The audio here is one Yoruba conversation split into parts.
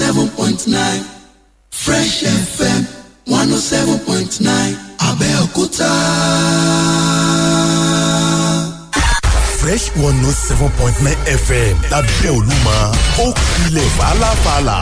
seven Fresh FM 107.9, oh seven Fresh 107.9 oh seven point nine FM oh oh lábẹ́ Olúmọ ó kilẹ̀ fàlàfàlà.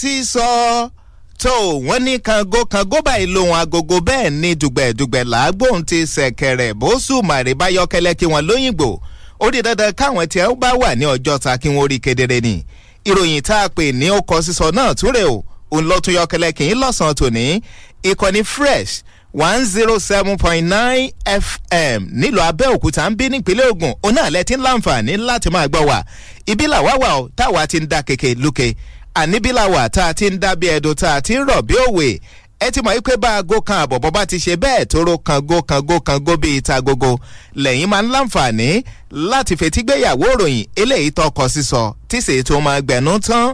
sísọ tó wọ́n ní kango kango báyìí lòun agogo bẹ́ẹ̀ ni dùgbẹ̀dùgbẹ̀ làágbóhùn ti ṣẹ̀kẹ̀rẹ̀ bóṣù màrìbáyọkẹlẹ kí wọ́n lóyìnbó ó di dandan káwọn tí bá wà ní ọjọ́ ta kí wọ́n rí kedere ni ìròyìn tá a pè ní ó sísọ náà túrè o òun yọkẹlẹ kì í lọ́sàn tòní ìkànnì fresh one zero oh seven point nine fm nílùú abẹ́òkúta ń bí nípínlẹ̀ ogun òun ti ń láǹfààní láti máa gbọ́ wa ibi làwa wà ó táwa ti ń dá keke lókè àníbílàwà tá a ti ń dábí ẹ̀dùn tá a ti ń rọ̀ bí òwe ẹ ti mọ̀ wípé bá aago kan àbọ̀bọ̀ bá ti ṣe bẹ́ẹ̀ tóró kango kango kango bíi ta gogo lẹ́yìn máa ń láǹfààní láti fetígbéyàwó òròyìn eléyìí tọkọ sísọ tí sì tó máa gbẹ̀nú tán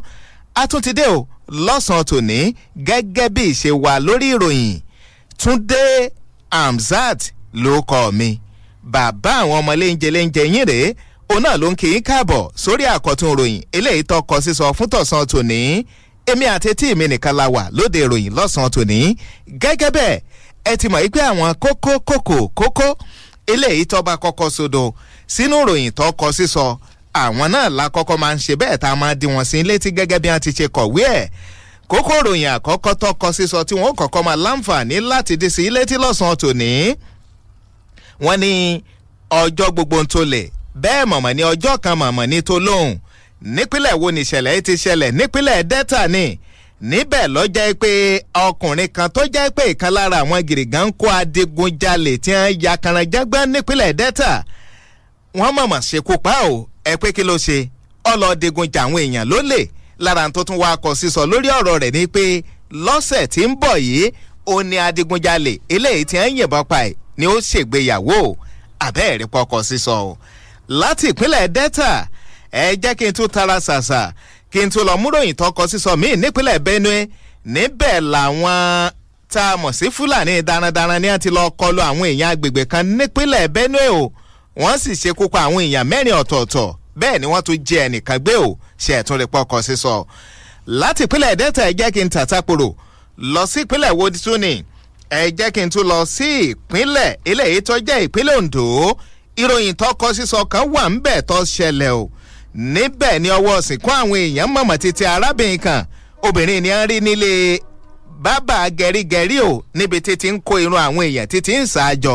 a tún ti dé o lọ́sàn-án tòní gẹ́gẹ́ bí ìṣe wà lórí ìròyìn túndé amzat ló kọ́ mi bàbá àwọn ọmọ yín rèé òun náà ló ń kí í káàbọ̀ sórí àkọ́tún ìròyìn eléyìí tọkọ sísọ fún tọ̀sán tòní èmi àti tí mi nìkan la wà lóde ìròyìn lọ́sàn-án tòní gẹ́gẹ́ bẹ́ẹ̀ ẹ ti mọ̀ wípé àwọn kókó kókó kókó eléyìí tọba kọ́kọ́ sodo sínú ìròyìn tọkọ sísọ àwọn náà la kọ́kọ́ máa ń ṣe bẹ́ẹ̀ tá a máa di wọn sí létí gẹ́gẹ́ bí wọ́n ti ṣe kọ̀wé ẹ̀ kókó ìròyìn àkọ́kọ́ tọkọ sísọ tí wọ́n kọ́kọ́ máa láǹfààní láti di sí létí lọ́sàn-án tòní wọ́n ní ọjọ́ gbogbo ń tolè bẹ́ẹ̀ mọ̀mọ́ ní ọjọ́ kan mọ̀mọ́ ní tó lóhùn nípínlẹ̀ wo nìṣẹ̀lẹ̀ yìí ti ṣẹlẹ̀ nípínlẹ̀ delta ni níbẹ̀ ló jẹ́ pé ọkùnrin kan tó jẹ́ pé ìkan lára àwọn gìrìgàn kó adigunjalè tí wọ́n ya kànáńjágbá nípínlẹ̀ delta wọ́n mọ̀mọ́ ṣekú pa ò ẹ pé kí ló ṣe ọlọ́ọ̀dẹ́gunjà àwọn èèyàn ló lè lára tó tún wá kọ sísọ lórí ọ̀rọ̀ rẹ̀ ni pé lọ́sẹ̀ tí ń bọ̀ yìí ó ní adigunjalè eléyìí tí wọ́n yìnbọn pa ẹ̀ ni ó ṣègbéyàwó àbẹ́ẹ̀rí pọkọ sísọ o láti ìpínlẹ̀ Delta ẹ jẹ́ kí n tún tara ṣàṣà kí n tún lọ múròyìn tọkọ sísọ míì nípínlẹ̀ Benue níbẹ̀ làwọn tá a mọ̀ sí Fúlàní darandaran ni a ti lọ kọlu àwọn èèyàn agbègbè kan nípínlẹ̀ Benue o wọ́n sì ṣekú pa àwọn èèyàn mẹ́rin ọ̀tọ̀ọ̀tọ̀ bẹ́ẹ̀ ni wọ́n tún jẹ ẹnìkan gbé o ṣe ẹ̀tún rẹ̀ pọkọ sísọ láti ìpínlẹ̀ Delta ẹ jẹ́ kí n tàtàkùrò lọ sí ìpínlẹ̀ wo tún ni ẹ jẹ́ kí n tún lọ sí ìpínlẹ̀ eléyìí tó jẹ́ ìpínlẹ̀ Ondo ìròyìn tọkọ sísọ kan wà ń bẹ̀ tó ṣẹlẹ̀ o níbẹ̀ ni ọwọ́ sìnkú àwọn èèyàn mọ̀mọ́ títí arábìnrin kan obìnrin ni a ń rí nílé bábà gẹ̀rígẹ̀rí o níbi títí ń kó irun àwọn èèyàn títí ń ṣàjọ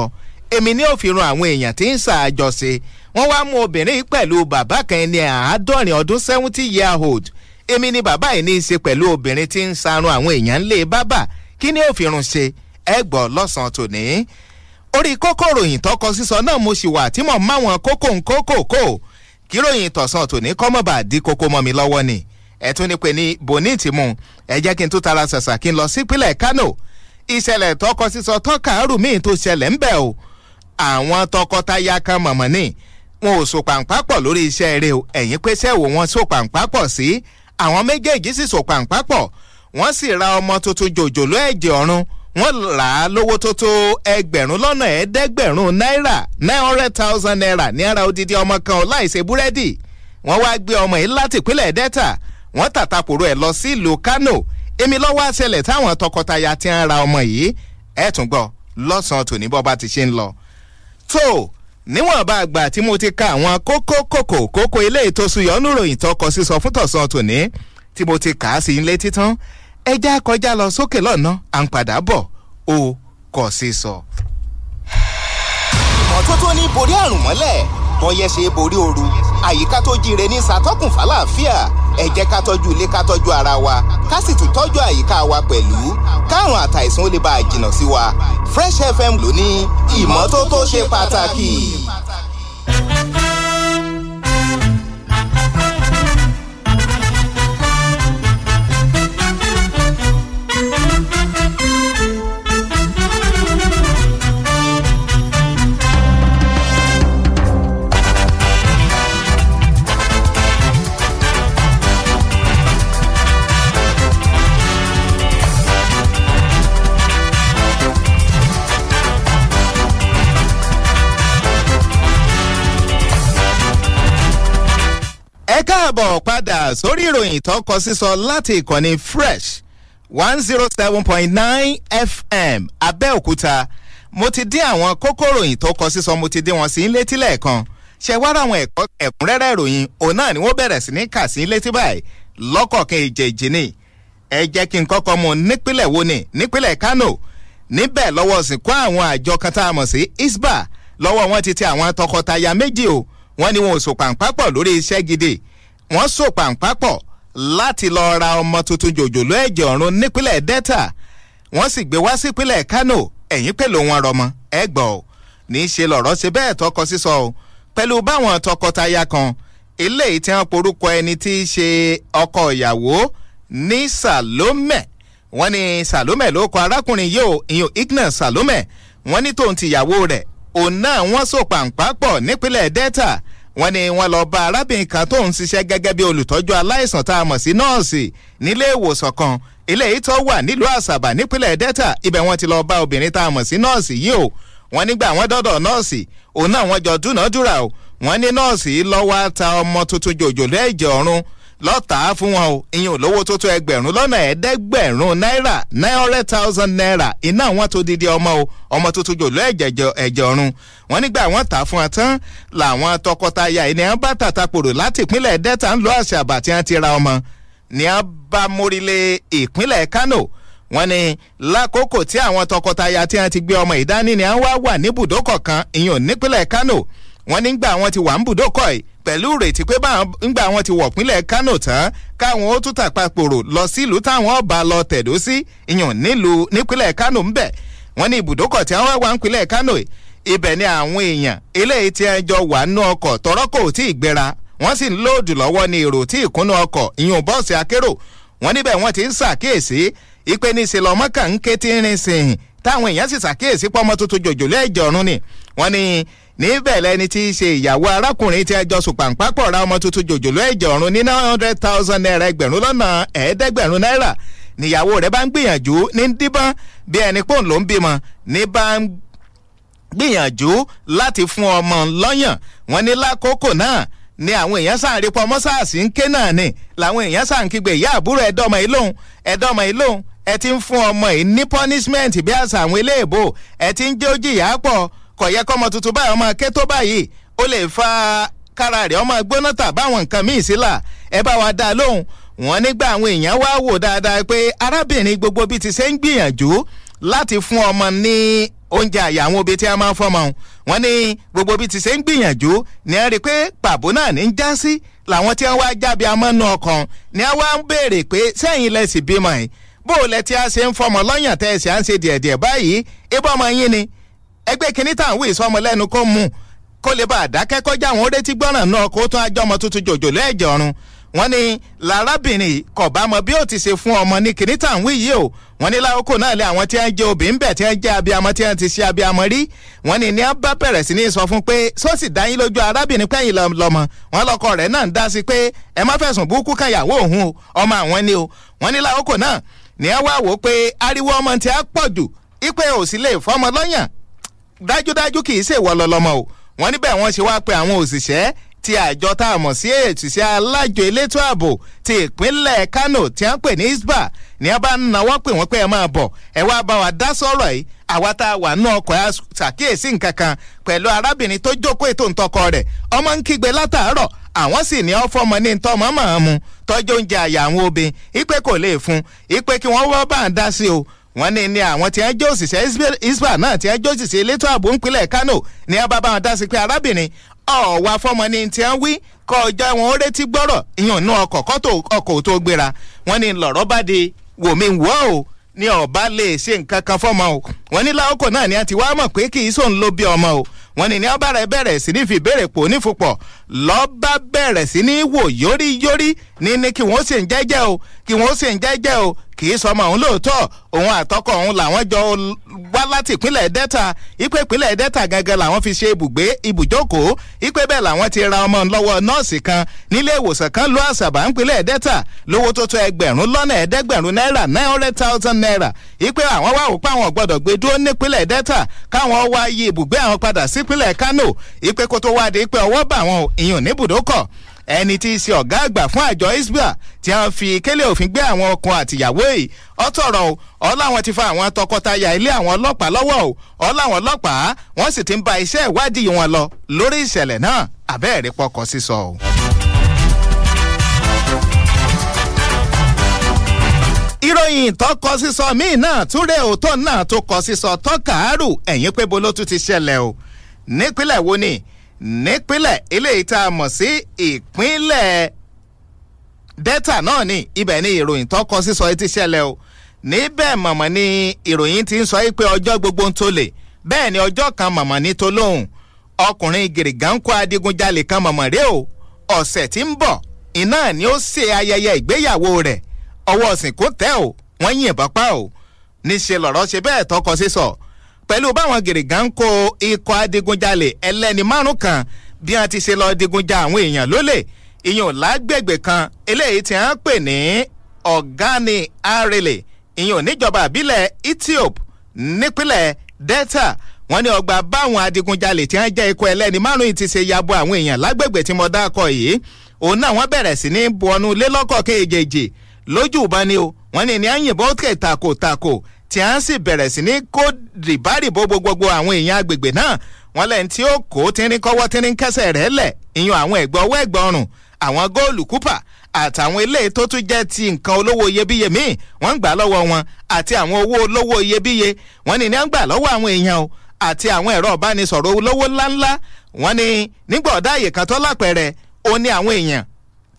èmi ní òfin àwọn èèyàn tí ń ṣàjọ ṣe wọ́n wá mú obìnrin pẹ̀lú bàbá kan ẹni àádọ́rin ọdún seventy year old èmi ni bàbá yìí ní í ṣe pẹ̀lú obìnrin tí ń sarun àwọn èèyàn lé bábà kí ni òfin ṣe ẹ gbọ́ lọ́sàn-án tòní orí kókó ròyìn tọkọ sísọ náà mo sì wà tí mò ń máwọn kókó ń kókó kó kí ròyìn tọ̀sán tòní kọ́mọ̀bà dí kókó mọ́ mi lọ́wọ́ ni ẹ̀ tún ní pé ní bonite mu ẹ jẹ́ kí n tún tara ṣàṣà kí n lọ sípínlẹ̀ Kano ìṣẹ̀lẹ̀ tọkọ sísọ tọ́ka rúmi tó ṣẹlẹ̀ ńbẹ̀ o àwọn tọkọtaya kan mọ̀mọ́ ni wọn ò so pàǹpápọ̀ lórí iṣẹ́ eré o ẹ̀yìn pé sẹ́wò wọn so pàǹpápọ̀ sí àwọn méjèèjì sì so pàǹpápọ̀ wọ́n sì ra ọmọ tuntun jòjòló ẹ̀jẹ̀ ọ̀run wọ́n là á lówó tó tó ẹgbẹ̀rún lọ́nà ẹ̀ẹ́dẹ́gbẹ̀rún náírà nine hundred thousand naira ní ara odidi ọmọ kan láìsè búrẹ́dì wọ́n wá gbé ọmọ yìí láti ìpínlẹ̀ delta wọ́n tàtàkùrọ̀ ẹ̀ lọ sí ìlú kano èmi lọ́wọ́ àṣẹlẹ̀ táwọn tọkọtaya ti ń ra ọmọ yìí ẹ̀ tún gbọ́ lọ́sàn-án tòní bọ́ bá ti ṣe ń lọ. tó níwọ̀nba àgbà tí mo ti ka àwọn kókó kòkò kókó ilé ìtòsùn yọ̀ọ́nù ròyìn tọkọ sísọ fún tọ̀sán tòní tí mo ti kà á sí ilé títán ẹja kọjá lọ sókè lọ́nà à ń padà bọ̀ o kò sí sọ. ìmọ́tótó ní borí àrùn mọ́lẹ̀ wọ́n yẹ ṣe borí ooru àyíká tó jíire ní ṣàtọ́kùn fàlàáfíà ẹ jẹ́ ká tọ́jú ilé ká tọ́jú ara wa ká sì tún tọ́jú àyíká wa pẹ̀lú káàrùn àtàìsàn ó lè bá a jìnnà sí wa Fresh FM ló ní ìmọ́tótó ṣe pàtàkì. padà sórí ìròyìn tó kọ sísọ láti ìkànnì fresh one zero oh seven point nine fm abẹ́òkúta mo ti dín àwọn kókó ìròyìn tó kọ sísọ mo ti dín wọn sí létí lẹ́ẹ̀kan ṣe wá ráwọn ẹ̀kọ́ ẹ̀kúnrẹ́rẹ́ ìròyìn òun náà ni wọ́n bẹ̀rẹ̀ sí ní kà sí létí báyìí lọ́kọ̀ọ̀kan ìjẹ̀jì ni ẹ jẹ́ kí n kọ́kọ́ mu nípínlẹ̀ wo ni nípínlẹ̀ kano níbẹ̀ lọ́wọ́ sìnkú àwọn àjọ kan tá a mọ̀ sí isba lọ́wọ́ wọn ti ti àwọn tọkọtaya méjì o wọ́n ní wọn ò sòpàǹpàpọ̀ lórí iṣẹ́ gidi wọ́n so pàǹpá pọ̀ láti lọ ra ọmọ tuntun jòjòló ẹ̀jẹ̀ ọ̀run nípínlẹ̀ delta wọ́n sì gbé wá sípínlẹ̀ kano ẹ̀yìn pẹ̀lú wọn rọmọ ẹ gbọ́ ọ ní í ṣe lọ̀rọ̀ ṣe bẹ́ẹ̀ tọkọ sísọ o pẹ̀lú báwọn tọkọtaya kan eléyìí tí wọ́n porúkọ ẹni tí í ṣe ọkọ ìyàwó ní salome wọ́n ní salome ló kọ arákùnrin yìí o ìyún ignas salome wọ́n ní tòun tìyàwó rẹ̀ òun náà wọ́n so pàǹpá pọ̀ nípínlẹ̀ delta wọ́n ní wọ́n lọ bá arábìnrin kan tó ń ṣiṣẹ́ gẹ́gẹ́ bí olùtọ́jú aláìsàn tá a mọ̀ sí nọ́ọ̀sì nílé ìwòsàn kan eléyìí tó wà nílùú àṣàbà nípínlẹ̀ delta ibẹ̀ wọ́n ti lọ bá obìnrin tá a mọ̀ sí nọ́ọ̀sì yìí o wọ́n nígbà wọ́n dọ́dọ̀ nọ́ọ̀sì òun náà wọ́n jọ dúnàádúrà o wọ́n ní nọ́ọ̀sì lọ́wọ́ ta ọmọ tuntun jòjòló ẹ̀jẹ̀ ọ̀run lọ́tàá fún wọn o ìyẹn ò lówó tó tó ẹgbẹ̀rún lọ́nà ẹ̀ẹ́dẹ́gbẹ̀rún náírà nine hundred thousand naira iná wọn tó didi ọmọ o ọmọ tó tójú òlò ẹ̀jẹ̀ ọ̀run wọn nígbà wọn tà fún wọn tán làwọn tọkọtaya yìí ni wọn bá tàta kòrò láti ìpínlẹ̀ delta ń lọ àṣà àbàtì wọn ti ra ọmọ ni wọn bá mórílẹ̀ ìpínlẹ̀ kano wọn ni lákòókò tí àwọn tọkọtaya tí wọn ti gbé ọmọ ìdání ni wọn wá wà níbùdókọ̀ kan ìyẹn ò nípínlẹ̀ kano wọ́n nígbà wọn ti wà ń bùdókọ̀ yìí pẹ̀lú ìrètí pé báwọn ńgbà wọn ti wọ̀ pínlẹ̀ Kánò tán káwọn ó tún tàpapòrò lọ sílùú táwọn ọba lọ tẹ̀dó sí ìyàn nílùú nípínlẹ̀ Kánò ńbẹ̀ wọ́n ní ibùdókọ̀ tí wọ́n wá ń pínlẹ̀ Kánò ibẹ̀ ni àwọn èèyàn eléyìí tí ẹjọ́ wà nú ọkọ̀ tọ́rọ́ kò tí ì gbéra wọ́n sì ń lóòdù lọ́wọ́ ní èrò tí ìkúnnú ọkọ̀ ìyún bọ́ọ̀sì akérò wọ́n níbẹ̀ wọ́n ti ń ṣàkíyèsí ìpè ní ìsìlọ́mọ́kà ń ké tí ń rin sìn táwọn èèyàn sì ṣàkíyèsí pọ́mọ́ tuntun jòjòló ẹ̀jọ̀rún ni wọ́n ní níbẹ̀ lẹni tí í ṣe ìyàwó arákùnrin tí ẹjọ́ sùn pàǹpápọ̀ ra ọmọ tuntun jòjòló ẹ̀jọ̀rún ní nine hundred thousand naira ẹgbẹ̀rún lọ́nà ẹ̀ẹ́dẹ́gbẹ̀rún náírà níyàwó rẹ̀ bá ń gbìyànjú ní díbọ́n bí ẹni pòun ló ń bímọ ní bá ń gbìyànjú láti fún ọmọ lọ́yàn wọn ní lákòókò náà ni àwọn èèyàn sáà rí pọmọ sáàsì ń ké náà ni làwọn èèyàn sáà ń kígbe ìyá àbúrò ẹdọmọ ìlóhùn ẹdọmọ ìlóhùn ẹ ti ń fún ọmọ yìí ní punishment bí àṣà àwọn eléèbó ẹ ti ń jó jìyà pọ̀ kọ̀yẹ́ kọ́mọ tuntun báyìí ọmọ ké tó báyìí ó lè fa kára rẹ̀ ọmọ gbóná tà báwọn nǹkan míì sílà ẹ bá wa dá a lóhùn wọ́n nígbà àwọn èèyàn wá wò dáadáa pé arábìnrin gbogbo bíi ti ṣe ń gbìyànjú láti fún ọmọ ní oúnjẹ àyà àwọn obì tí a máa ń fọmọ wọ́n ní gbogbo bíi ti ṣe ń gbìyànjú ní ẹ rí i pé pàbó náà ní ń já sí làwọn tí wọ́n wá jábí amọ́nú ọkàn ní ẹ wá ń béèrè pé sẹ́yìn lẹ́sìn bímọ yìí bó tí a ṣe ń fọmọ lọ́yàn tẹ́ ẹ à ń ṣe díẹ̀díẹ̀ báyìí ibà yín ni ẹgbẹ́ kínní tá à ń wí ìsọmọ lẹ́nu kó mú kó lè bá àdákẹ́kọ́ já wọn rétí gbọ́ràn náà kó tún ajọ́mọ tuntun jòjòló ẹ̀jẹ̀ ọ̀run wọ́n ní lárábìnrin kò bá mọ bí ó ti ṣe fún ọmọ ní kínní tá à ń wí yìí o wọ́n ní lákòókò náà lé àwọn tí wọ́n jẹ́ obìnrin bẹ̀ tí wọ́n jẹ́ abiyamọ tí wọ́n ti ṣe abiyamọ rí wọ́n ní ní a bá bẹ̀rẹ̀ sí ní sọ fún pé sọ́ọ̀sì dáyín lójú arábìnrin pẹ́yìn lọ́mọ wọ́n lọ́kọ rẹ̀ náà ń dá sí pé ẹ má fẹ̀sùn búkú kan ìyàwó òun o ọmọ àwọn ni o wọ́n ní lákòókò náà ní a wá wò ó pé ariwo ọmọ tí a pọ̀ jù ipe òsì lè fọmọ lọ́yàn dájúdájú kì í ṣe ìwọ lọlọmọ o wọ́n níbẹ̀ wọ́n ṣe wá pé àwọn òṣìṣẹ́ ti àjọ tá a mọ̀ sí ètùsí alájọ elétò ààbò ti ìpínlẹ̀ Kano tí a ń pè ní isba ní a bá ń nawọ́ pé wọ́n pé ẹ máa bọ̀ ẹ wá bá wa dá sọ̀rọ̀ yìí àwa tá a wà nù ọkọ̀ ẹ ṣàkíyèsí nǹkan kan pẹ̀lú arábìnrin tó jókòó ètò ìtọ́kọ rẹ̀ ọmọ ń kígbe látàárọ̀ àwọn sì ní ọfọ ọmọ ní ntọ́ mọ́mọ́ mu tọ́jú oúnjẹ àyà àwọn obìnrin ipe kò lè fún ipe kí wọ́n wọ́ bá ń dá sí o wọ́n ní ní àwọn tí wọ́n jẹ́ òṣìṣẹ́ isba náà tí wọ́n jẹ́ òṣìṣẹ́ elétò ààbò ńpínlẹ̀ Kano ní wọ́n bá bá wọn dá sí pé arábìnrin ọ̀wà fọmọ ni tí wọ́n wí kọ́ ọjọ́ wọn ó rétí gbọ́rọ̀ ìyọ̀n inú ọkọ̀ kọ́tò ọkọ̀ tó gbéra wọ́n ní lọ̀rọ̀ bá di wòmí wọ́ o ní ọ̀bá lè ṣe nǹkan kan fọmọ o wọ́n ní láòkò náà ni a ti wá mọ̀ pé kì í sóun ló bí ọmọ o wọ́n ní ní ọba rẹ bẹ̀rẹ̀ sí ní fi ìbéèrè pò nífupọ̀ lọ́ba bẹ̀rẹ̀ sí ní wò yóríyórí ní ní kí wọ́n sì ń jẹ́jẹ́ o kí wọ́n sì ń jẹ́jẹ́ o kì í sọmọ òun lóòótọ́ òun àtọkọ òun làwọn jọ wá láti ìpínlẹ̀ delta ipe ìpínlẹ̀ delta gangan làwọn fi ṣe ibùgbé ibùjókòó ipe bẹ́ẹ̀ làwọn ti ra ọmọ lọ́wọ́ nọ́ọ̀sì kan nílé ìwòsàn kan ló àṣàbà ńpínlẹ̀ delta lówó tó tó ẹgbẹ̀rún lọ́nà ẹ̀ẹ́dẹ́gbẹ̀rún náírà nine hundred thousand naira ipe àwọn wá òpá àwọn gbọ́dọ̀ gbé dúró nípínlẹ̀ delta káwọn wá yí ibùgbé àwọn padà sípínlẹ̀ kano ipe kó tó wá di ẹni tí í ṣe ọ̀gá àgbà fún àjọ isba tí wọ́n fi kélé òfin gbé àwọn ọkọ àtìyàwó yìí ọ̀tọ̀rọ̀ o ọ̀làwọn ti fa àwọn tọkọtaya ilé àwọn ọlọ́pàá lọ́wọ́ o ọ̀làwọn ọlọ́pàá wọ́n sì ti ń ba iṣẹ́ ìwádìí wọn lọ lórí ìṣẹ̀lẹ̀ náà àbẹ́ẹ̀rí pọkọ sísọ o. ìròyìn tọkọ sísọ míì náà túrẹ́ òótọ́ náà tó kọ sísọ tọ́kàárù ẹ̀yìn pé bolo ti ṣẹlẹ̀ o nípínlẹ̀ wo ni. nípínlẹ̀ eléyìí tá a mọ̀ sí ìpínlẹ̀ delta náà ni ibẹ̀ ni ìròyìn tó kọ sísọ etí ṣẹlẹ̀ o níbẹ̀ mọ̀mọ́ ni ìròyìn ti ń sọ pé ọjọ́ gbogbo ń tolè bẹ́ẹ̀ ni ọjọ́ kan mọ̀mọ́ tó lóhùn. ọkùnrin gèrègánkó adigunjalè kan mọ̀mọ́ rèé o ọ̀sẹ̀ tí ń bọ̀ iná ni ó ṣe ayẹyẹ ìgbéyàwó rẹ̀ ọwọ́ sìnkú tẹ́ o wọ́n yìnbọn pa o níṣẹ́ lọ̀rọ̀ ṣe bẹ́ẹ̀ tọkọ sísọ so pẹ̀lú báwọn gèrègà ń kó ikọ̀ adigunjalè ẹlẹ́ni márùn kan bí wọ́n ti ṣe lọ digunja àwọn èèyàn lólè ìyẹn lágbègbè kan eléyìí tí wọ́n pè ní ọ̀gáni arele ìyẹn níjọba àbílẹ̀ ethiop nípínlẹ̀ delta wọ́n ní ọgbà báwọn adigunjalè tí wọ́n jẹ́ ikọ̀ ẹlẹ́ni márùn yabo àwọn èèyàn lágbègbè tí mo yìí òun náà wọ́n bẹ̀rẹ̀ sí ní bu o wọn ní ní àyìnbó tí a sì bẹ̀rẹ̀ sí ní kó rìbárìbó gbogbogbò àwọn èèyàn agbègbè náà wọ́n lẹ́yìn tí ó kó tínrín kọ́wọ́ tínrín kẹsẹ̀ rẹ̀ lẹ̀ ìyún àwọn ẹ̀gbọ́n ọwọ́ ẹ̀gbọ́n ọrùn àwọn góòlù kúpà àtàwọn eléyìí tó tún jẹ́ ti nǹkan olówó iyebíye míì wọ́n ń gbà lọ́wọ́ wọn àti àwọn owó olówó iyebíye wọ́n ní ní à gbà lọ́wọ́ àwọn èèyàn o àti àwọn ẹ̀rọ ìbánisọ̀rọ̀ olówó ńláńlá wọ́n ní nígbà ọ̀dá àyè kan tó lápẹ̀rẹ̀ ó ní àwọn èèyàn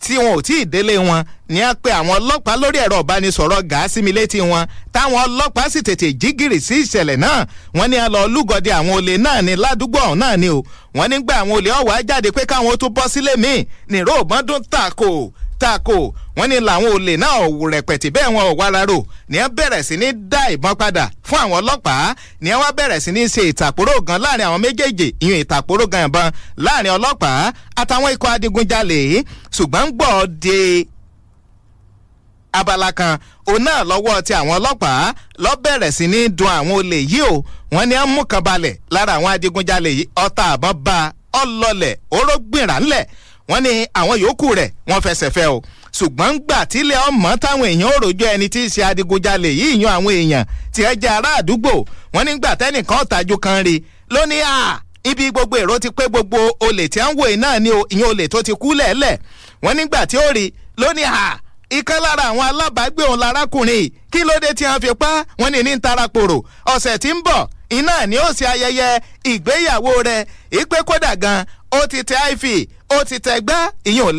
tí wọn ò tí ì délé wọn ni a pe àwọn ọlọ́pàá lórí ẹ̀rọ ìbánisọ̀rọ̀ gàásìmí létí wọn táwọn ọlọ́pàá sì tètè jígìrì sí ìṣẹ̀lẹ̀ náà wọ́n ní a lọ lúgọdẹ àwọn olè náà ní ládùúgbò ọ̀hún náà ni o wọ́n nígbà àwọn olè ọ̀wá jáde pé káwọn ó bọ́ sílé míì nìró ògbọ́n dún tàkò tako wọ́n ní làwọn olè náà rẹpẹtì bẹ́ẹ̀ wọn ò wára rò ní ẹ bẹ̀rẹ̀ sí ní dá ìbọn padà fún àwọn ọlọ́pàá ní ẹ wá bẹ̀rẹ̀ sí ní ṣe ìtàkùrọ̀ gan láàrin àwọn méjèèjì ìyún ìtàkùrọ̀ gan ìbọn láàrin ọlọ́pàá àtàwọn ikọ̀ adigunjalè ṣùgbọ́n gbọ́ de abala kan òun náà lọ́wọ́ ti àwọn ọlọ́pàá lọ bẹ̀rẹ̀ sí ní dun àwọn olè yìí o wọ́n ní án mú kan balẹ̀ lára àwọn adigunjalè yìí ọta àbọ̀ ba ọlọlẹ̀ orógbìnrà wọ́n ní àwọn yòókù rẹ̀ wọ́n fẹsẹ̀ fẹ́ o ṣùgbọ́n gbà tílẹ̀ ọmọ táwọn èèyàn òròjọ́ ẹni tí í ṣe adigunjalè yìí yan àwọn èèyàn tí ẹ jẹ́ ará àdúgbò wọ́n nígbà tẹ́nìkan ọ̀tajú kan rí ló ní à ibi gbogbo èrò ti pé gbogbo olè tí à ń wò yìí náà ni ìyẹn olè tó ti kú lẹ́ẹ̀lẹ̀ wọ́n nígbà tí ó rí ló ní à ìkan lára àwọn alábàágbé òun larákùnrin kí ló tí wọ́n fi pa wọ́n ní ní tarapòrò ọ̀sẹ̀ tí ń bọ̀ iná ni ó ṣe ayẹyẹ ìgbéyàwó rẹ̀ ìpè kódà gan ó ti tẹ ife ó ti tẹgbẹ́ ìyẹn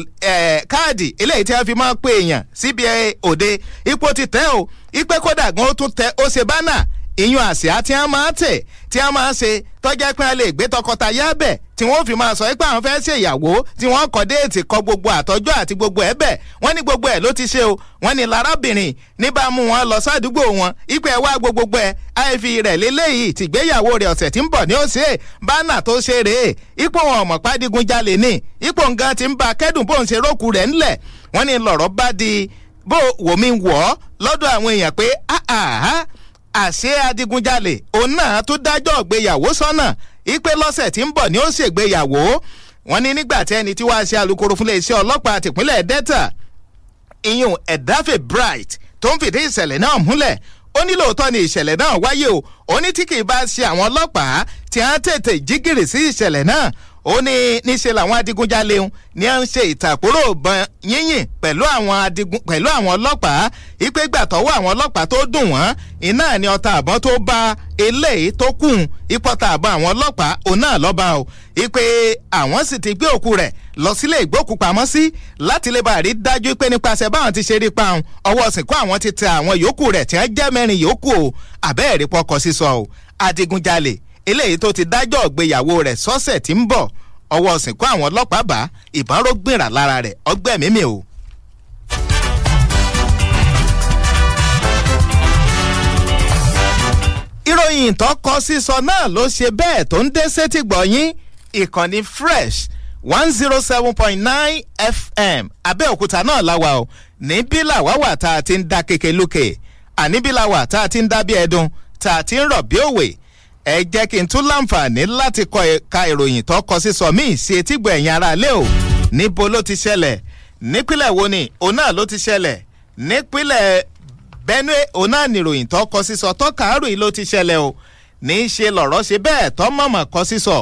káàdì eléyìí tí wọ́n fi máa ń pè èèyàn síbi òde ipò ti tẹ́ o ipe kódà gan ó tún tẹ ó ṣe bánà ìyẹn àsíá tí wọ́n máa tẹ̀ tí wọ́n máa ṣe tọ́jà pé wọ́n lè gbé tọkọtaya bẹ̀ tí wọ́n fi máa sọ pé àwọn fẹ́ ṣe ìyàwó tí wọ́n kọ déètì kọ gbogbo àtọ́jọ́ àti gbogbo ẹ̀ bẹ̀ wọ́n ní gbogbo ẹ̀ ló ti ṣe o wọ́n ní lárábìnrin níbàámu wọn lọ sádùúgbò wọn ìpè wá gbogbogbò ẹ̀ àìfi rẹ̀ léléyìí tìgbéyàwó rẹ̀ ọ̀sẹ̀ tí ń bọ̀ ní òsè bánà tó ṣe rèé ipò wọn ọ̀mọ̀ pàdígunjalè ní ipò nǹkan ti ń ba kẹ́dùn bóun ṣe rókù rẹ̀ ńlẹ̀ wọ́n ní lọ̀rọ̀ bá di bó wòmí wọ̀ ọ́ lọ́dọ̀ àwọn èèyàn pé àṣé adigunjalè òun náà tún dájọ́ ìgbéyàwó sọ́nà ipe lọ́sẹ̀ tí ń bọ̀ ni ó ṣègbéyàwó wọ́n ní nígbà tí ẹni tí wàá ṣe alukoro fún iléeṣẹ́ ọlọ́pàá tìpínlẹ̀ delta iyun ẹ̀dáfẹ̀ bright tó ń fìdí ìṣẹ̀lẹ̀ náà múlẹ̀ ó ní lóòótọ́ ni ìṣẹ̀lẹ̀ náà wáyé o ó ní tí kì í bá ṣe àwọn ọlọ́pàá tí wọ́n tètè jígìrì sí ìṣẹ̀lẹ̀ náà ó ní níṣe làwọn adigunjalè ń ní à ń ṣe ìtàkùrọ̀ ọ̀bọ̀n yínyìn pẹ̀lú àwọn adigun pẹ̀lú àwọn ọlọ́pàá ìpè gbà tọ́wọ́ àwọn ọlọ́pàá tó dùn wọ́n iná ni ọta àbọ̀n tó bá eléyìí tó kù ìpọ́ta àbọ̀n àwọn ọlọ́pàá òun náà lọ́ba o ìpè àwọn sì ti gbé òkú rẹ̀ lọ sílé ìgbókùpamọ́sí láti lè bá rí dájú pé nípasẹ̀ báwọn ti ṣe rí pa òun ọwọ́ sìnkú àwọn ti tẹ àwọn yòókù rẹ̀ tí wọ́n jẹ́ mẹ́rin yòókù o àbẹ́ẹ̀rí pọkọ sísọ o adigunjalè eléyìí tó ti dájọ́ ìgbéyàwó rẹ̀ sọ́sẹ̀ tí ń bọ̀ ọwọ́ sìnkú àwọn ọlọ́pàá bá ìbọn ró gbìnrà lára rẹ̀ ọgbẹ́ mímì o. ìròyìn tó kọ sísọ náà ló ṣe bẹ́ẹ̀ tó ń dé sétí gbọ̀nyìn ìkànnì fresh one zero oh seven point nine fm abẹ́òkúta náà la wà o níbí làwa wà tá a ti ń da kékeré lókè àníbí làwa tá a ti ń dá bí ẹdun tá a ti ń rọ̀ bí òwe ẹ jẹ́ kí n tún láǹfààní láti ka ìròyìn tó kọ sísọ míì sí etígbọ̀ ẹ̀yìn ara lé o níbo ló ti ṣẹlẹ̀ nípínlẹ̀ wo ni òun náà ló ti ṣẹlẹ̀ nípínlẹ̀ Benue òun náà nìròyìn tó kọ sísọ tó kàárò yìí ló ti ṣẹlẹ̀ o ní í ṣe lọ̀rọ̀ ṣe bẹ́ẹ̀ tó mọ̀mọ̀ kọ sísọ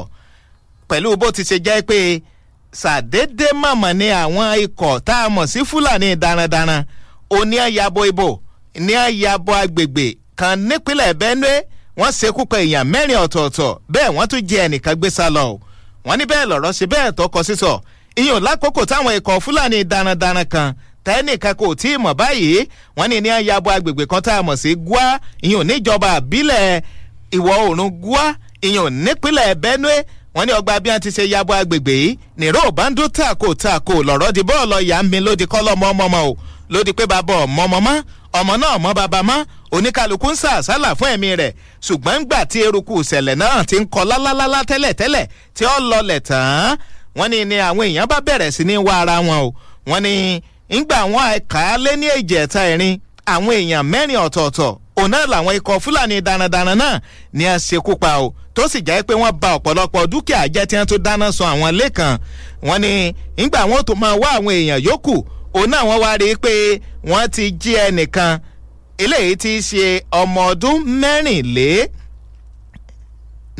pẹ̀lú bó ti ṣe jẹ́ pé ṣàdédé mọ̀mọ̀ ni àwọn ikọ̀ tá a mọ̀ sí Fúlàní darandaran òní àyàbọ̀ ìbò ní àyàbọ̀ agbègbè kan nípínlẹ̀ Benue wọ́n ṣekú pa èèyàn mẹ́rin ọ̀tọ̀ọ̀tọ̀ bẹ́ẹ̀ wọ́n tún jẹ ẹnìkan gbé sá lọ wọ́n ní bẹ́ẹ̀ lọ̀rọ̀ ṣe bẹ́ẹ̀ tọkọ sísọ ìyẹn lákòókò táwọn ikọ̀ fúlàní darandaran kan tẹ́nìkan kò tí ì mọ̀ báyìí wọ́n ní ní ayabo agbègbè kan tá a mọ̀ sí gua ìyẹn níjọba àbílẹ̀ ìwọ̀ oòrùn gua ìyẹn nípínlẹ̀ benue wọ́n ní ọgbà bí wọ́n ti ṣe yabo agbègbè yìí nìró òbándú tààkò tààkò lọ̀rọ̀ di bọ́ọ̀lù ọ̀yà mi lódì kọ́lọ́ mọ́mọ́mọ́ o lódì pé bàbá ọ̀mọ́mọ́mọ́ ọmọ náà mọ bàbá mọ́ oníkàlùkù ń sà àsálà fún ẹ̀mí rẹ̀ ṣùgbọ́n ńgbà tí eruku ìṣẹ̀lẹ̀ náà ti ń kọ lálálálá tẹ́lẹ̀tẹ́lẹ̀ tí ó lọlẹ̀ tán wọ́n ní ni àwọn èèyàn bá bẹ̀rẹ̀ sí ní wá ara wọn o wọ́n ní ńgbà wọn kà á lé ní ìjẹta ìrìn àwọn èèyàn mẹ́rin ọ̀tọ̀ọ̀tọ̀ òun náà làwọn ikọ̀ fúlàní darandaran náà ni a ṣekú pa o tó sì jẹ́ pé wọ́n ba ọ̀pọ̀lọpọ̀ dúkìá jẹ́ tí wọ́n tó dáná sun àwọn lẹ́kàn wọ́n ní ńgbà wọn tó máa wá àwọn èèyàn yòókù òun náà wọ́n wá rí i pé wọ́n ti jí ẹnìkan eléyìí ti ṣe ọmọ ọdún mẹ́rìnlé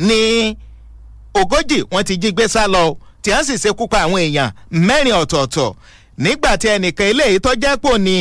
ní ogójì wọ́n ti jí gbé sá lọ tí wọ́n sì ṣekú pa àwọn èèyàn mẹ́rin ọ̀tọ̀ọ̀tọ̀ nígbà tí ẹnìkan eléyìí tó jẹ́ pò ní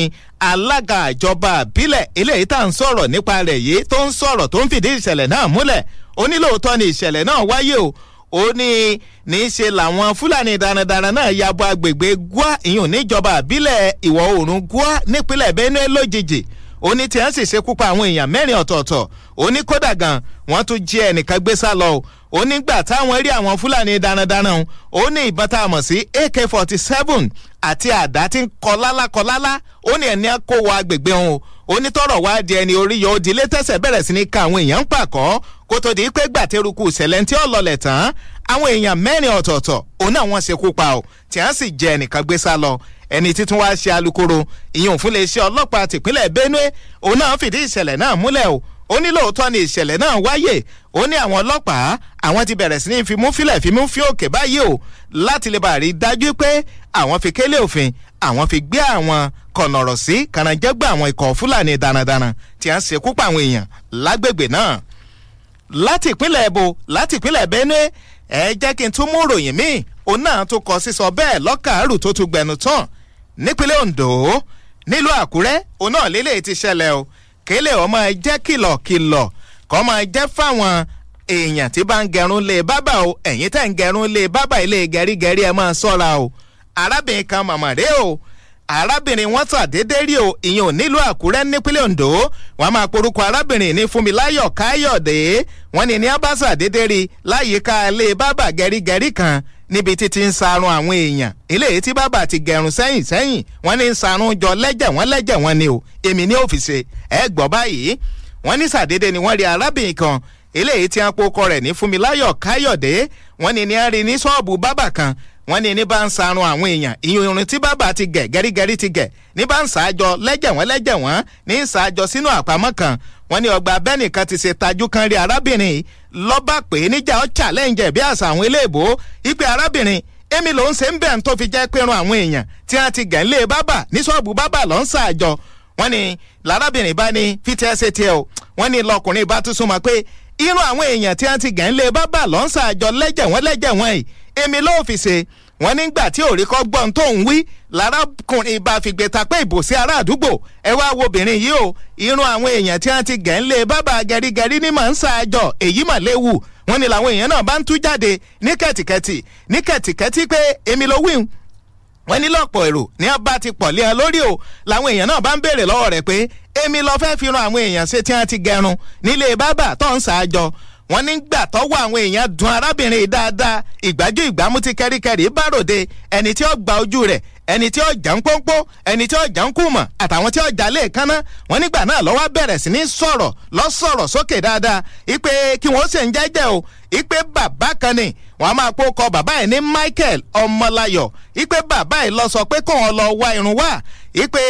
alága àjọba àbílẹ̀ eléyìí tá à ń sọ̀rọ̀ nípa rẹ̀ yìí tó ń sọ̀rọ̀ tó ń fìdí ìṣẹ̀lẹ̀ náà múlẹ̀ ó ní lóòótọ́ ni ìṣẹ̀lẹ̀ náà wáyé o ó ní níṣe làwọn fúlàní darandaran náà ya bo agbègbè gua ìyún níjọba àbílẹ̀ ìwọ̀ oòrùn gua nípínlẹ̀ benue lójijì ó ní tí wọ́n sì ṣekú pa àwọn èèyàn mẹ́rin ọ̀tọ̀ọ̀tọ̀ ó ní kódà gan wọ́n tún jí ẹnìkan gbé sá lọ ó nígbà táwọn rí àwọn fúlàní darandaran ó ní ìbọn tá a mọ̀ sí ak forty seven àti àdá tí ń kọ lálá kọ lálá ó ní ẹni kó wọ agbègbè wọn o onítọ̀rọ̀ wá di ẹni orí yọ òdìlé tẹ̀sẹ̀ bẹ̀rẹ̀ sí ní ka àwọn èèyàn ń pàkọ́ kó tó di pé gbàtẹ́rùkù ìṣẹ̀lẹ̀ tí ó lọlẹ̀ tán àwọn èèyàn mẹ́rin ọ̀tọ̀ọ̀tọ̀ òun náà wọ́n ṣekú pa ọ́ tí wọ́n sì jẹ ẹnìkan gbé sá lọ ẹni títún wá ṣe alukoro ìyẹn fún iléeṣẹ́ ọlọ́pàá tìpínlẹ̀ Benue òun náà fìdí ìṣẹ̀lẹ̀ náà múlẹ̀ o ó ní lóòótọ́ ni ìṣẹ̀lẹ̀ náà wáyè ó ní àwọn ọlọ́pàá àwọn ti bẹ̀rẹ̀ sí ní fimúfilẹ̀ fimúfi òkè báyìí o láti lè bá rí dájú pé àwọn fi kélé òfin àwọn fi gbé àwọn kọ̀nọ̀rọ̀ sí kànáńjẹ́gbà àwọn ikọ̀ fúlàní darandaran tí a ń ṣekú pa àwọn èèyàn lágbègbè náà láti ìpínlẹ̀ èbó láti ìpínlẹ̀ benue ẹ jẹ́ kí n tún mú ròyìn míì òun náà tó kọ sísọ bẹ́ẹ̀ lọ́kàárù tó tún gbẹnu tán nípínlẹ̀ ondo nílùú àkúrẹ́ òun náà lélẹ̀ ti ṣẹlẹ̀ o kélé ọmọ ẹ jẹ́ kìlọ̀kìlọ̀ kọ́ máa jẹ́ fáwọn èèyàn tí bá ń gẹrun lé bábà o ẹ̀yin tẹ̀ ń gẹrun lé bábà ilé gẹ̀rígẹ̀rí ẹ̀ máa sọ́ra o arábìnrin kan màmá rèé o arábìnrin wọn tàdédé rí o ìyẹn ò nílùú àkúrẹ́ nípínlẹ̀ ondo wọn máa porúkọ arábìnrin ní fúnmiláyọ̀ káyọ̀dé wọn ní ní abasa dédé rí láyìíká ilé bábà gẹ̀rígẹ̀rí kan níbi títí ń sarun àwọn èèyàn eléyìí tí bàbá ti gẹrun sẹ́yìn sẹ́yìn wọ́n ní ń sarun jọ lẹ́jẹ̀ wọ́n lẹ́jẹ̀ wọ́n ni o èmi ní òfìsè ẹ gbọ́ báyìí wọ́n ní sàdédé ni wọ́n rí arábìnrin kan eléyìí tí a po kọ rẹ̀ ní Fúnmiláyọ̀ Káyọ̀dé wọ́n ní ni a rí ní ṣọ́ọ̀bù bábà kan wọ́n ní ní bá ń sarun àwọn èèyàn ìyọ̀rùn tí bábà ti gẹ̀ gẹ́rígẹ́rí ti gẹ̀ ní bá ń ṣàájọ lẹ́jẹ̀wọ́n lẹ́jẹ̀wọ́n ní ń ṣàájọ sínú àpamọ́ kan wọ́n ní ọgbà abẹ́nìkan ti ṣe tajú kan rí arábìnrin yìí pé níjà ọ́ challenge bí àṣà àwọn iléèbó ipe arábìnrin èmi ló ń ṣe ń bẹ̀ ń tó fi jẹ́ pé ran àwọn èèyàn tí wọ́n ti gẹ̀ ń lé bábà ní ṣọ́ọ̀bù bábà lọ́ ń ṣàájọ wọ́n ní lárábìnrin bá ní fi tiẹ́ ṣe tiẹ́ o wọ́n ní lọkùnrin bá tún súnmọ́ pé irú àwọn èèyàn tí wọ́n ti gẹ̀ ń lé bábà lọ́nsà àjọ lẹ́jẹ̀ wọ́n lẹ́jẹ̀ wọ́n yìí èmi ló fi ṣe wọ́n nígbà tí òríkọ́ gbọ́n tó ń wí lárákùnrin ibà fìgbè ta pé ìbò sí ará àdúgbò ẹ wá wo obìnrin yìí o irun àwọn èèyàn tí wọ́n ti gẹ̀ ń lé bábà gẹ̀rígẹ̀rí ní mọ̀ ń ṣàjọ èyí mà léwu wọ́n ní làwọn èèyàn náà bá ń tú jáde ní kẹ̀tìkẹ̀tì ní kẹ̀tìkẹ̀tì pé èmi ló wíhun wọ́n ní lọ́pọ̀ èrò ní abá ti pọ̀ lé ẹ lórí o làwọn èèyàn náà bá ń béèrè lọ́wọ́ rẹ̀ pé èmi lọ fẹ́ fi ran àwọn èèyàn ṣe tí wọ́n ti gẹrun nílé bábà tó ń ṣàjọ wọ́n nígbà tọ́wọ́ àwọn èèyàn dun arábìnrin dáadáa ìgbájú ìgbámú ti kẹ́ríkẹ́rí bá ròde ẹni tí ó gba ojú rẹ̀ ẹni tí ó jà ń pọ́npọ́ ẹni tí ó jà ń kùmọ̀ àtàwọn tí ó jà lè kánná wọ́n nígbà náà lọ́wọ́ bẹ̀rẹ̀ sí ní sọ̀rọ̀ lọ́sọ̀rọ̀ sókè dáadáa ipe kí wọ́n sì ń jẹ́jẹ́ o ipe bàbá kan ni wọ́n á máa pó kọ bàbá ẹ̀ ní Michael Ọmọláyọ̀ ipe bàbá ẹ̀ lọ sọ pé kóun lọ wá irun wá ipe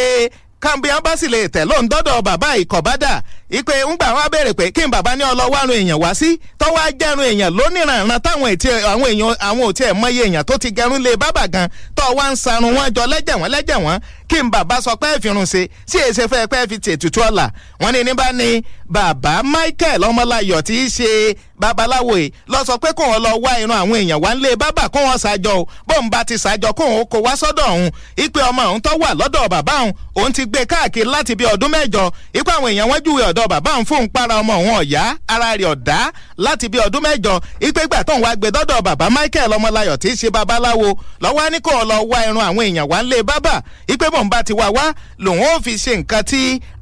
kambi ambasile tẹ̀ ló ń dọ́dọ̀ bàbá ìkọ̀bádà ipe ńgbà wọn béèrè pé kí n bàbá ní ọlọ́wọ́ àrùn èèyàn wá sí tọ́wọ́ ajẹ́rùn èèyàn lóníranran táwọn ètí àwọn èèyàn àwọn òtí ẹ̀ èèyàn tó ti gẹrun lé bábà gan tọ́wọ́ ń wọn jọ lẹ́jẹ̀ wọn lẹ́jẹ̀ wọn kí n bàbá sọ pé ẹ̀fìrún ṣe sí èsè pé ẹ̀fì wọn ni bàbá Michael Ọmọláyọ̀ tí í ṣe babaláwo yìí lọ irun àwọn èèyàn wá bábà kó wọn ti ṣàjọ kó kó wá ọmọ tó wà bàbá òun ti gbé káàkiri láti bí ọdún àwọn èèyàn ọ̀dọ̀ bàbá òun fóun para ọmọ òun ọ̀yá ara rẹ̀ ọ̀dá láti bí ọdún mẹ́jọ ipe ìgbà tóun wá gbé dọ́dọ̀ bàbá Michael ọmọláyọ̀ tí í ṣe babaláwo lọ́wọ́ á ní kó lọ wá irun àwọn èèyàn wá nílé bábà ipe bòun bá ti wá wá lòun ó fi ṣe nǹkan tí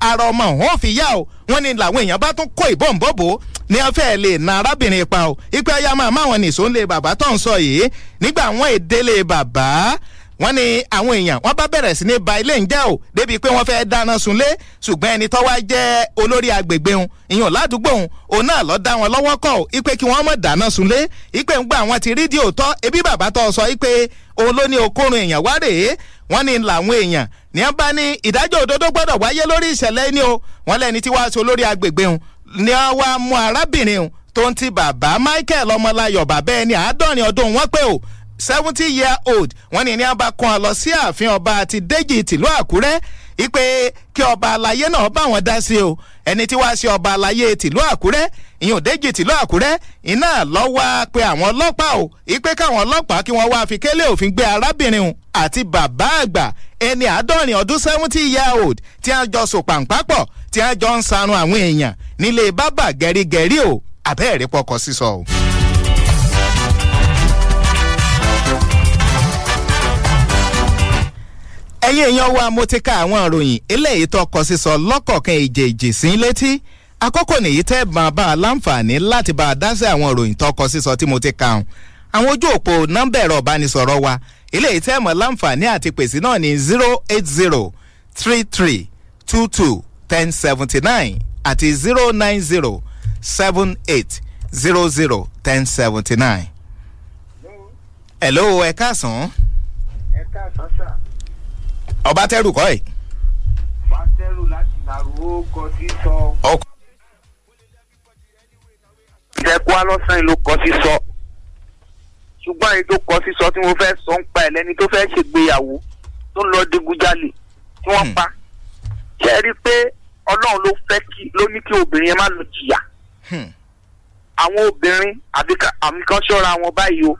ara ọmọ òun ó fi yá o wọ́n ní làwọn èèyàn bá tún kó ìbọn bòbò ní afẹ́ lè na arábìnrin pa o ipe ayá máa máa wọn nìṣó ń lé bàbá tó ń sọ yìí wọ́n ní àwọn èèyàn wọ́n bá bẹ̀rẹ̀ sí ní ba ilé ń jẹ́ o débi pé wọ́n fẹ́ẹ́ dáná sunlé ṣùgbọ́n ẹni tọ́wá jẹ́ olórí agbègbè òun ìyàn ládùúgbò òun òun náà lọ́ọ́ dá wọn lọ́wọ́ kọ́ ipe kí wọ́n mọ̀ dáná sunlé ipe ń gbà wọ́n ti rídìí òótọ́ ebi bàbá tó sọ ipe òun ló èèyàn wá rèé wọ́n ní làwọn èèyàn ní wọ́n bá ní ìdájọ́ òdodo gbọ́dọ̀ wáyé lórí ìṣẹ̀lẹ̀ ni o wọ́n lẹ́ni tí wàá ṣe olórí agbègbè òun ni wọ́n wá mú arábìnrin òun tó ń ti bàbá Michael ọmọláyọ̀ bàbá ẹni àádọ́rin ọdún wọn pé o seventy year old wọ́n ní ní abakan lọ sí ààfin ọba àti dèjì tìlú àkúrẹ́ ipe kí ọba àlàyé náà bá wọn dá sí o ẹni tí wàá ṣe ọba àlàyé tìlú àkúrẹ́ ìyún dèjì tìlú àkúrẹ́ iná lọ wá pe àwọn ọlọ́pàá o ipe káwọn ọlọ́pàá kí wọ́n wá fi kélé òfin gbé arábìnrin o àti bàbá àgbà ẹni àádọ́rin ọdún seventy year old tí a jọ sùn pàǹpápọ̀ tí a jọ ń sarun àwọn èèyàn nílé bábà gẹ̀rígẹ̀rí o àbẹ́ẹ̀rí pọkọ sísọ o. ẹ̀yin èèyàn wa mo ti ka àwọn ìròyìn eléyìí tó kọ sísọ lọ́kọ̀ọ̀kan èjèèjì sí létí àkókò nìyí tẹ́ bá a bá a láǹfààní láti bá a dá sí àwọn ìròyìn tó kọ sísọ tí mo ti ka hàn àwọn ojú òpó nọ́mbà ẹ̀rọ ìbánisọ̀rọ̀ wa eléyìí tẹ́ mọ̀ láǹfààní àti pèsè náà ní zero eight zero three three two two ten seventy nine àti zero nine zero seven eight zero zero ten seventy nine. hello ẹ káàsán. ẹ káàsán sir ọba tẹ́rù kọ́ ẹ̀. ọba tẹ́rù láti nàró ó kọ sísọ. ọkọ. ìjẹ́kú alọ́sàn ló kọ sísọ ṣùgbọ́n èyí tó kọ sísọ tí mo fẹ́ sọ ń pa ẹ̀ lẹ́ni tó fẹ́ ṣègbéyàwó tó ń lọ digunjalè tí wọ́n hmm. pa ṣe é rí i pé ọlọ́run ló fẹ́ kí ló ní kí obìnrin yẹn má lọ jìyà hmm. àwọn obìnrin àbí kan ṣọ́ra wọn báyìí o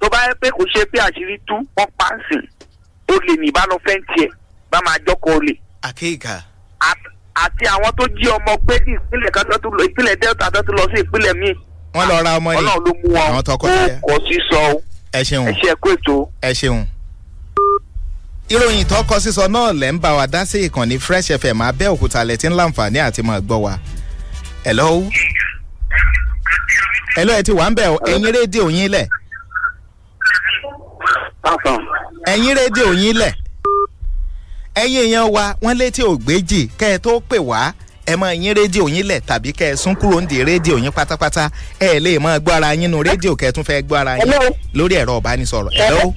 tó bá yẹ pé kò ṣe pé àṣírí tú wọ́n pa á sìn olè ní ìbálò fẹ́ǹtì bá máa jọ́kọ̀ olè. àkéèkà. àti àwọn tó jí ọmọ gbé ní ìpínlẹ̀ kan tó lọ ìpínlẹ̀ delta tó lọ sí ìpínlẹ̀ míì. wọ́n lọ ra ọmọ yìí ọlọ́run ló mú wọn àwọn tọkọtaya kò sí sọ ẹ ṣeun ẹ ṣe ẹkú ètò. ẹ ṣeun. ìròyìn tọkọ sísọ náà lẹ́ ń bá wa dá sí ìkànnì fresh fm abẹ́òkúta lẹ ti ń láǹfààní àti máa gbọ́ wa. hello hello ti wà ń bẹ̀ ẹ̀yin rédíò yín lẹ̀ ẹ̀yin rédíò yín lẹ̀ ẹ̀yin èèyàn wa wọ́n létí ògbéjì kẹ́ ẹ tó pè wá ẹ mọ yín rédíò yín lẹ̀ tàbí kẹ́ ẹ sún kúrò ń di rédíò yín pátápátá ẹ lè mọ gbọ́ ara yín nu rédíò kẹ́ ẹ tún fẹ́ gbọ́ ara yín lórí ẹ̀rọ ìbánisọ̀rọ̀ ẹ̀lọ́.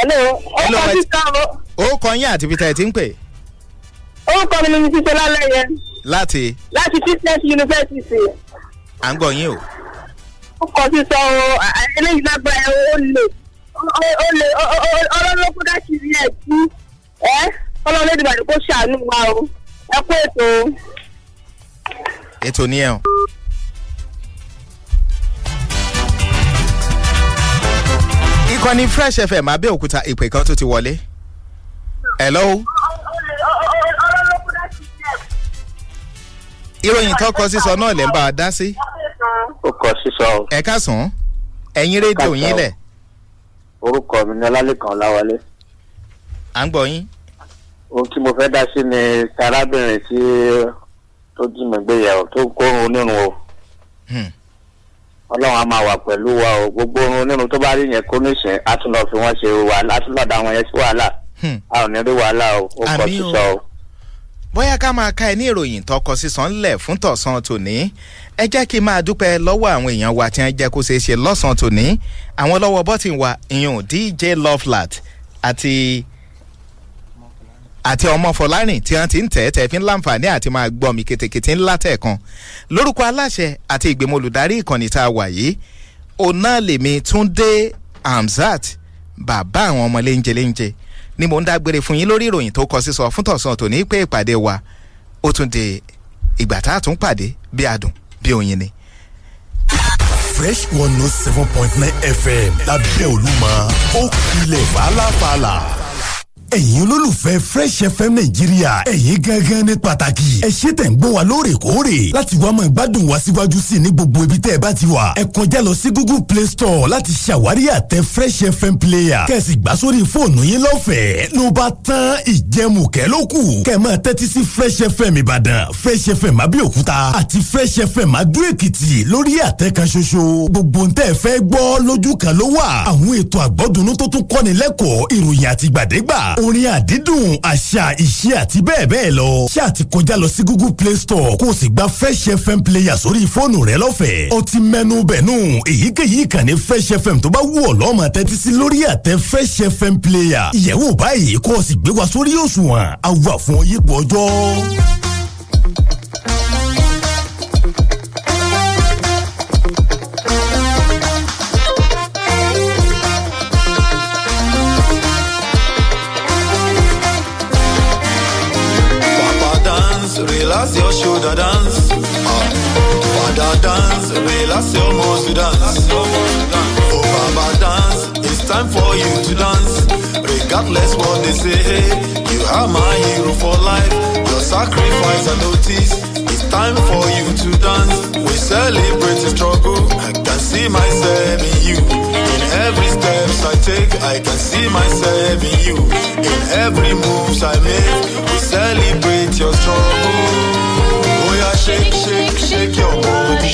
ẹ̀lọ́ ó kọ́ sí sáàrọ̀. ó kọ yín àti peter ẹ̀ ti ń pè. orúkọ mi ni mi ti lálẹ́ yẹn. láti. láti business university. à ń gbọ́ yín o. ó kọ sí sọ̀rọ̀ eléyìí lágbára ó lè olè ọlọ́lọ́kọ́ dáṣì rí ẹ̀ tú ẹ́ ọlọ́run lè dìbàdì kó ṣàánú wa o ẹ kú ètò. ètò ni ẹ o. ìkànnì fresh fm abẹ́òkúta ìpè kan tó ti wọlé. hello. ìròyìn tó kọ sísọ náà lè ń bá a dá sí. ó kọ sísọ. ẹ̀ka sùn ẹ̀yin rédíò yín lẹ̀ orúkọ mi ni ọlálẹ́kan ọláwálé. à ń gbọ́ yín. ohun tí mo fẹ́ dá sí ni arábìnrin tí tó jìmọ̀ gbéyàwó tó ń onírun o. Hmm. ọlọ́run á máa wà pẹ̀lú wa o gbogbo orun onírun tó bá rí yẹn kó níṣẹ́ á tún lọ fi wọ́n ṣe wàhálà á tún lọ dá wọn yẹn sí wàhálà hmm. a ò ní rí wàhálà o ó kọ sísọ o bóyá ká máa ka ẹ ní ìròyìn tọkọ sísan lẹ̀ fún tọ̀sán tòní ẹ jẹ́ kí n máa dúpẹ́ lọ́wọ́ àwọn èèyàn wa tí wọ́n jẹ́ kó ṣeé ṣe lọ́sàn tòní àwọn lọ́wọ́ bọ́tìn wa ìyún dj lovelat àti àti ọmọ fọlárìn tí wọ́n ti ń tẹ̀ tẹ̀ fi ń láǹfààní àti máa gbọ́ mi kètèkètè ńlá tẹ̀kan lórúkọ aláṣẹ àti ìgbìmọ̀ olùdarí ìkànnì tá a wà yìí ọ̀nà lèmi Túndé Hamzat bàbá àwọn ọmọ léńjeléńje ni mò ń dágbére fún yín lórí ìròyìn tó kọ sísọ fún tọ̀sán tòní pé ìpàdé wa ó tún di ìgbà tá a tún pàdé bí adùn bí oyin ni. Fresh one note oh seven point nine FM lábẹ́ Olúmọ ó kilẹ̀ fàlàfàlà ẹ̀yin olólùfẹ́ fresh fm nàìjíríà ẹ̀yin gangan ní pàtàkì ẹ ṣé tẹ̀ ń gbọ́ wa lóòrèkóòrè láti wá máa gbádùn wa síwájú sí ní gbogbo ibi tẹ́ ẹ bá ti wà ẹ kọjá lọ sí google play store láti ṣàwárí àtẹ fresh fm player kẹ̀sì gbà sórí fóònù yín lọ́fẹ̀ẹ́ ló bá tán ìjẹmùkẹ́ ló kù kẹ́ máa tẹ́tí sí fresh fm ìbàdàn fresh fm abẹ́òkúta àti fresh fm adó-èkìtì lórí àtẹ kan ṣoṣo gbogbo ń tẹ́ fẹ́ gbọ́ lójú kan ló wà àwọn ètò àgbọ́dúnú tó tún kọ́ni lẹ́kọ̀ọ́ ìròyìn orin àdídùn àṣà ìṣe àti bẹ́ẹ̀ bẹ́ẹ̀ lọ ṣé àti kọjá lọ sí google play store kó o sì gba fresh fm player sórí fóònù rẹ lọ́fẹ̀ẹ́ o ti mẹ́nu bẹ̀nù èyíkéyìí ìkànnì fresh fm tó bá wù ọ́ lọ́ọ́ máa tẹ́tí sí lórí àtẹ fresh fm player ìyẹ̀wò báyìí kó o sì gbé wa sórí òṣùwọ̀n àwa fún yípo ọjọ́. That's your most to dance. Oh, Baba dance, it's time for you to dance. Regardless what they say, you are my hero for life. Your sacrifice I notice. It's time for you to dance. We celebrate the struggle. I can see myself in you. In every steps I take, I can see myself in you. In every moves I make, we celebrate your struggle. Oh yeah, shake, shake, shake your body.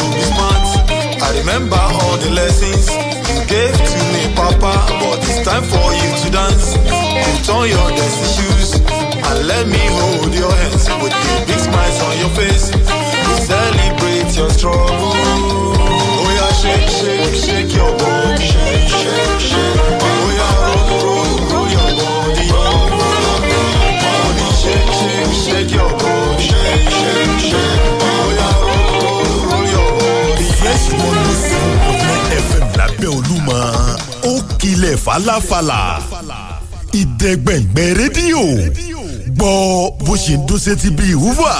Remember all the lessons you gave to me, Papa. But it's time for you to dance. Put on your dancing shoes and let me hold your hands with the big smiles on your face. We celebrate your struggle. Oh yeah, shake, shake, shake your body. mọ̀ ó kilẹ̀ falafala ìdẹ́gbẹ̀gbẹ̀ rédíò gbọ́ bó ṣe ń dún sétí bíi húfà.